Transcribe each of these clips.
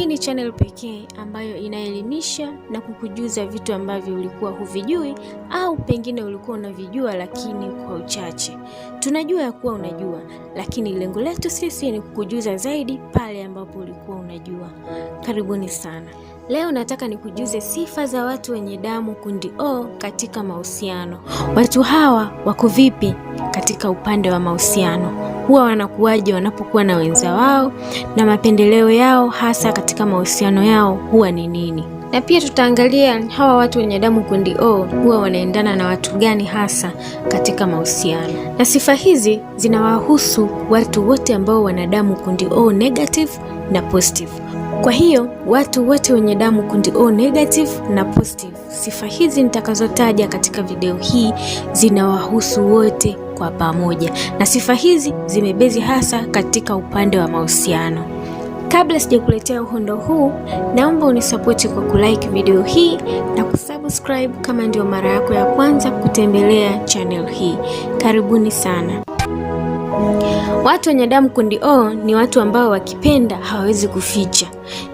Hii ni channel pekee ambayo inaelimisha na kukujuza vitu ambavyo ulikuwa huvijui au pengine ulikuwa unavijua lakini kwa uchache. Tunajua ya kuwa unajua, lakini lengo letu sisi ni kukujuza zaidi pale ambapo ulikuwa unajua. Karibuni sana. Leo nataka nikujuze sifa za watu wenye damu kundi O katika mahusiano. Watu hawa wako vipi katika upande wa mahusiano? huwa wanakuwaje wanapokuwa na wenza wao na mapendeleo yao hasa katika mahusiano yao huwa ni nini, na pia tutaangalia hawa watu wenye damu kundi O huwa wanaendana na watu gani hasa katika mahusiano, na sifa hizi zinawahusu watu wote ambao wana damu kundi O negative na positive. Kwa hiyo watu wote wenye damu kundi O negative na positive, sifa hizi nitakazotaja katika video hii zinawahusu wote kwa pamoja, na sifa hizi zimebezi hasa katika upande wa mahusiano. Kabla sijakuletea uhondo huu, naomba unisapoti kwa kulike video hii na kusubscribe kama ndio mara yako ya kwanza kutembelea channel hii. Karibuni sana. Watu wenye damu kundi O ni watu ambao wakipenda hawawezi kuficha,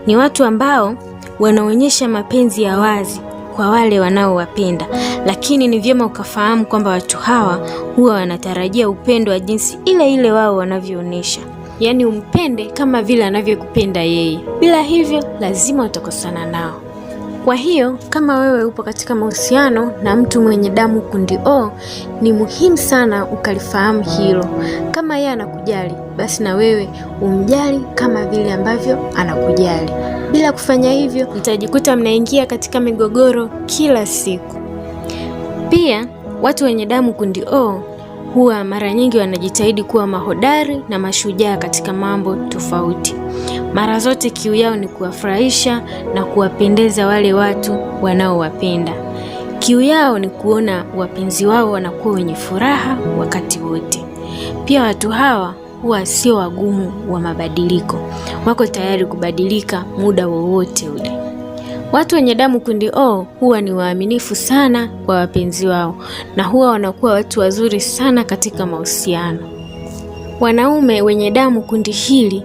ni watu ambao wanaonyesha mapenzi ya wazi kwa wale wanaowapenda, lakini ni vyema ukafahamu kwamba watu hawa huwa wanatarajia upendo wa jinsi ile ile wao wanavyoonyesha, yaani umpende kama vile anavyokupenda yeye. Bila hivyo, lazima utakosana nao. Kwa hiyo kama wewe upo katika mahusiano na mtu mwenye damu kundi O, ni muhimu sana ukalifahamu hilo. Kama yeye anakujali, basi na wewe umjali kama vile ambavyo anakujali. Bila kufanya hivyo, mtajikuta mnaingia katika migogoro kila siku. Pia watu wenye damu kundi O huwa mara nyingi wanajitahidi kuwa mahodari na mashujaa katika mambo tofauti. Mara zote kiu yao ni kuwafurahisha na kuwapendeza wale watu wanaowapenda. Kiu yao ni kuona wapenzi wao wanakuwa wenye furaha wakati wote. Pia watu hawa huwa sio wagumu wa mabadiliko, wako tayari kubadilika muda wowote ule. Watu wenye damu kundi O huwa ni waaminifu sana kwa wapenzi wao na huwa wanakuwa watu wazuri sana katika mahusiano. Wanaume wenye damu kundi hili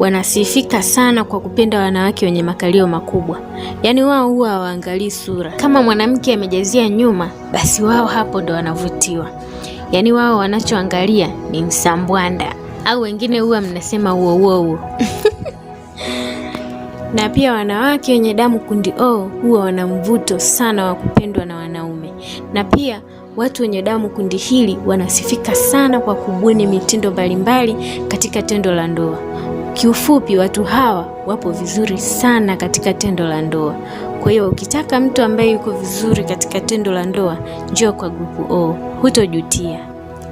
wanasifika sana kwa kupenda wanawake wenye makalio makubwa, yaani wao huwa hawaangalii sura. Kama mwanamke amejazia nyuma, basi wao hapo ndo wanavutiwa, yaani wao wanachoangalia ni msambwanda, au wengine huwa mnasema huo uo na pia wanawake wenye damu kundi O huwa wana mvuto sana wa kupendwa na wanaume, na pia watu wenye damu kundi hili wanasifika sana kwa kubuni mitindo mbalimbali katika tendo la ndoa. Kiufupi, watu hawa wapo vizuri sana katika tendo la ndoa. Kwa hiyo ukitaka mtu ambaye yuko vizuri katika tendo la ndoa, njoo kwa grupu O, hutojutia.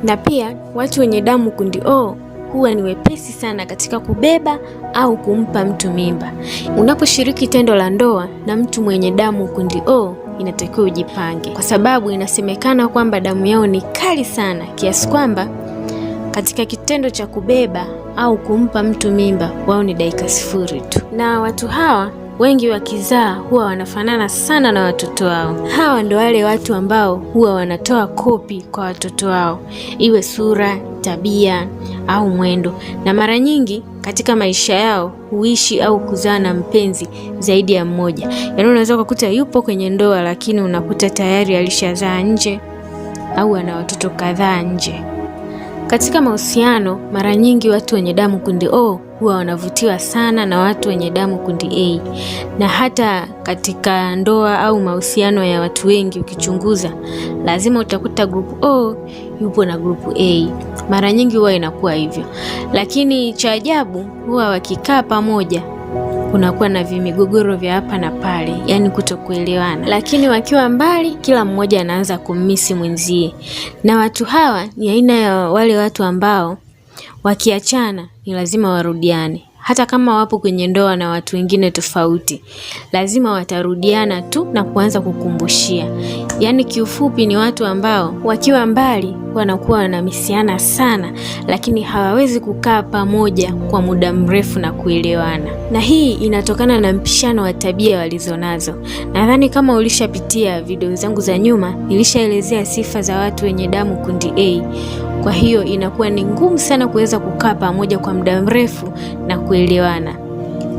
Na pia watu wenye damu kundi O huwa ni wepesi sana katika kubeba au kumpa mtu mimba. Unaposhiriki tendo la ndoa na mtu mwenye damu kundi O, inatakiwa ujipange, kwa sababu inasemekana kwamba damu yao ni kali sana kiasi kwamba katika kitendo cha kubeba au kumpa mtu mimba, wao ni dakika sifuri tu, na watu hawa wengi wakizaa huwa wanafanana sana na watoto wao. Hawa ndo wale watu ambao huwa wanatoa kopi kwa watoto wao, iwe sura, tabia au mwendo, na mara nyingi katika maisha yao huishi au kuzaa na mpenzi zaidi ya mmoja. Yaani unaweza ukakuta yupo kwenye ndoa, lakini unakuta tayari alishazaa nje au ana watoto kadhaa nje. Katika mahusiano, mara nyingi watu wenye damu kundi O huwa wanavutiwa sana na watu wenye damu kundi A. Na hata katika ndoa au mahusiano ya watu wengi ukichunguza, lazima utakuta group O yupo na group A. Mara nyingi huwa inakuwa hivyo, lakini cha ajabu huwa wakikaa pamoja kunakuwa na vimigogoro vya hapa na pale, yani kutokuelewana. Lakini wakiwa mbali, kila mmoja anaanza kummisi mwenzie, na watu hawa ni aina ya wale watu ambao wakiachana ni lazima warudiane hata kama wapo kwenye ndoa na watu wengine tofauti, lazima watarudiana tu na kuanza kukumbushia. Yaani kiufupi ni watu ambao wakiwa mbali wanakuwa wanamisiana sana, lakini hawawezi kukaa pamoja kwa muda mrefu na kuelewana, na hii inatokana na mpishano wa tabia walizonazo. Nadhani kama ulishapitia video zangu za nyuma, nilishaelezea sifa za watu wenye damu kundi A kwa hiyo inakuwa ni ngumu sana kuweza kukaa pamoja kwa muda mrefu na kuelewana,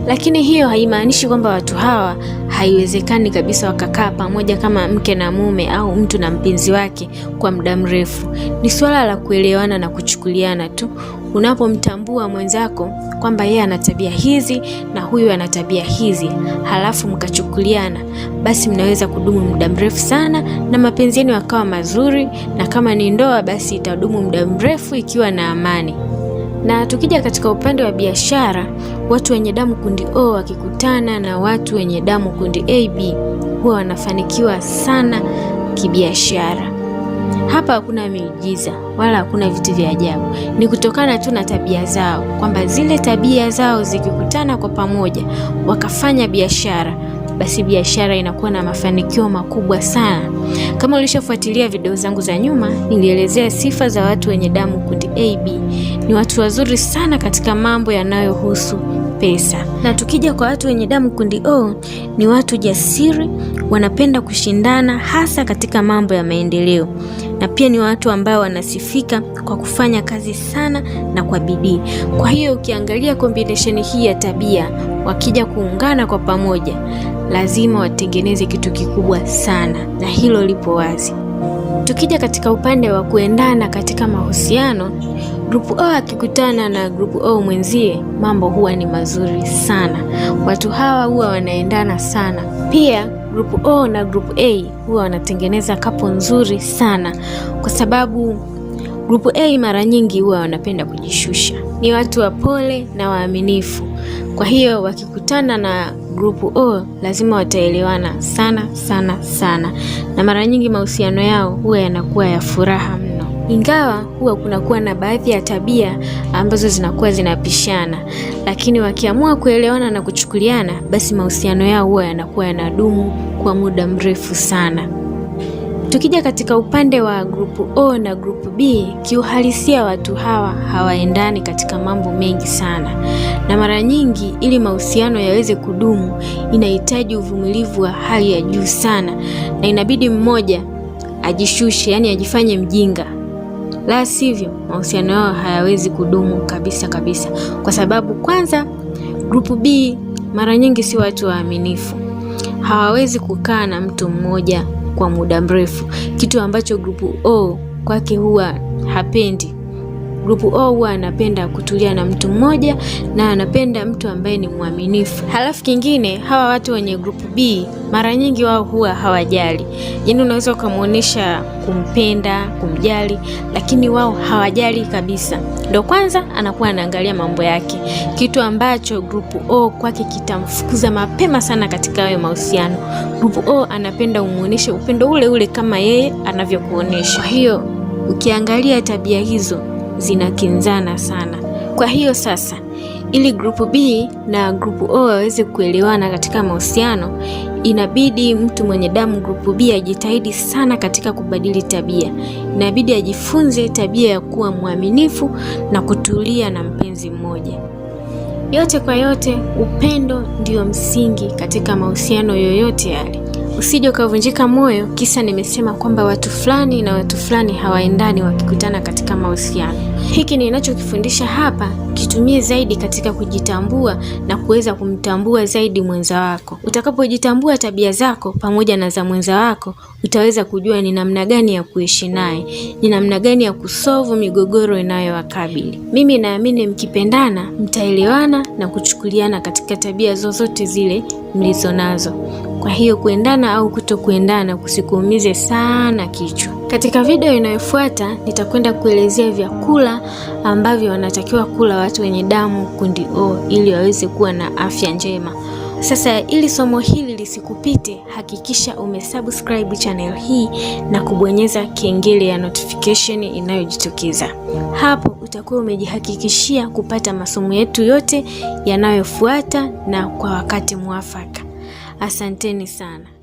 lakini hiyo haimaanishi kwamba watu hawa haiwezekani kabisa wakakaa pamoja kama mke na mume au mtu na mpenzi wake kwa muda mrefu. Ni suala la kuelewana na kuchukuliana tu unapomtambua mwenzako kwamba yeye ana tabia hizi na huyu ana tabia hizi, halafu mkachukuliana, basi mnaweza kudumu muda mrefu sana na mapenzi yenu yakawa mazuri, na kama ni ndoa, basi itadumu muda mrefu ikiwa na amani. Na tukija katika upande wa biashara, watu wenye damu kundi O wakikutana na watu wenye damu kundi AB huwa wanafanikiwa sana kibiashara. Hapa hakuna miujiza wala hakuna vitu vya ajabu, ni kutokana tu na tabia zao, kwamba zile tabia zao zikikutana kwa pamoja wakafanya biashara, basi biashara inakuwa na mafanikio makubwa sana. Kama ulishafuatilia video zangu za nyuma, nilielezea sifa za watu wenye damu kundi AB. Ni watu wazuri sana katika mambo yanayohusu pesa. Na tukija kwa watu wenye damu kundi O, ni watu jasiri, wanapenda kushindana hasa katika mambo ya maendeleo, na pia ni watu ambao wanasifika kwa kufanya kazi sana na kwa bidii. Kwa hiyo ukiangalia kombinesheni hii ya tabia, wakija kuungana kwa pamoja, lazima watengeneze kitu kikubwa sana, na hilo lipo wazi. Tukija katika upande wa kuendana katika mahusiano, grupu O akikutana na grupu O mwenzie, mambo huwa ni mazuri sana. Watu hawa huwa wanaendana sana. Pia grupu O na grupu A huwa wanatengeneza kapo nzuri sana, kwa sababu grupu A mara nyingi huwa wanapenda kujishusha, ni watu wapole na waaminifu. Kwa hiyo wakikutana na grupu oh, lazima wataelewana sana sana sana, na mara nyingi mahusiano yao huwa yanakuwa ya furaha mno, ingawa huwa kunakuwa na baadhi ya tabia ambazo zinakuwa zinapishana, lakini wakiamua kuelewana na kuchukuliana, basi mahusiano yao huwa yanakuwa yanadumu kwa muda mrefu sana. Tukija katika upande wa grupu O na grupu B, kiuhalisia watu hawa hawaendani katika mambo mengi sana, na mara nyingi ili mahusiano yaweze kudumu inahitaji uvumilivu wa hali ya juu sana, na inabidi mmoja ajishushe, yaani ajifanye mjinga, la sivyo mahusiano yao hayawezi kudumu kabisa kabisa, kwa sababu kwanza, grupu B mara nyingi si watu waaminifu, hawawezi kukaa na mtu mmoja kwa muda mrefu, kitu ambacho grupu O kwake huwa hapendi. Grupu O huwa anapenda kutulia na mtu mmoja na anapenda mtu ambaye ni mwaminifu. Halafu kingine, hawa watu wenye grupu B mara nyingi wao huwa hawajali, yaani unaweza ukamwonyesha kumpenda, kumjali, lakini wao hawajali kabisa. Ndo kwanza anakuwa anaangalia mambo yake, kitu ambacho grupu O kwake kitamfukuza mapema sana katika hayo mahusiano. Grupu O anapenda umwonyeshe upendo ule ule kama yeye anavyokuonyesha. Kwa hiyo ukiangalia tabia hizo zinakinzana sana. Kwa hiyo sasa, ili grupu B na grupu O waweze kuelewana katika mahusiano, inabidi mtu mwenye damu grupu B ajitahidi sana katika kubadili tabia. Inabidi ajifunze tabia ya kuwa mwaminifu na kutulia na mpenzi mmoja. Yote kwa yote, upendo ndio msingi katika mahusiano yoyote yale. Usije ukavunjika moyo kisa nimesema kwamba watu fulani na watu fulani hawaendani wakikutana katika mahusiano. Hiki ninachokifundisha hapa kitumie zaidi katika kujitambua na kuweza kumtambua zaidi mwenza wako. Utakapojitambua tabia zako pamoja na za mwenza wako, utaweza kujua ni namna gani ya kuishi naye, ni namna gani ya kusovu migogoro inayowakabili. Mimi naamini mkipendana, mtaelewana na kuchukuliana katika tabia zozote zile mlizonazo. Kwa hiyo kuendana au kutokuendana kusikuumize sana kichwa. Katika video inayofuata nitakwenda kuelezea vyakula ambavyo wanatakiwa kula watu wenye damu kundi O ili waweze kuwa na afya njema. Sasa ili somo hili lisikupite, hakikisha umesubscribe channel hii na kubonyeza kengele ya notification inayojitokeza. Hapo utakuwa umejihakikishia kupata masomo yetu yote yanayofuata na kwa wakati mwafaka. Asanteni sana.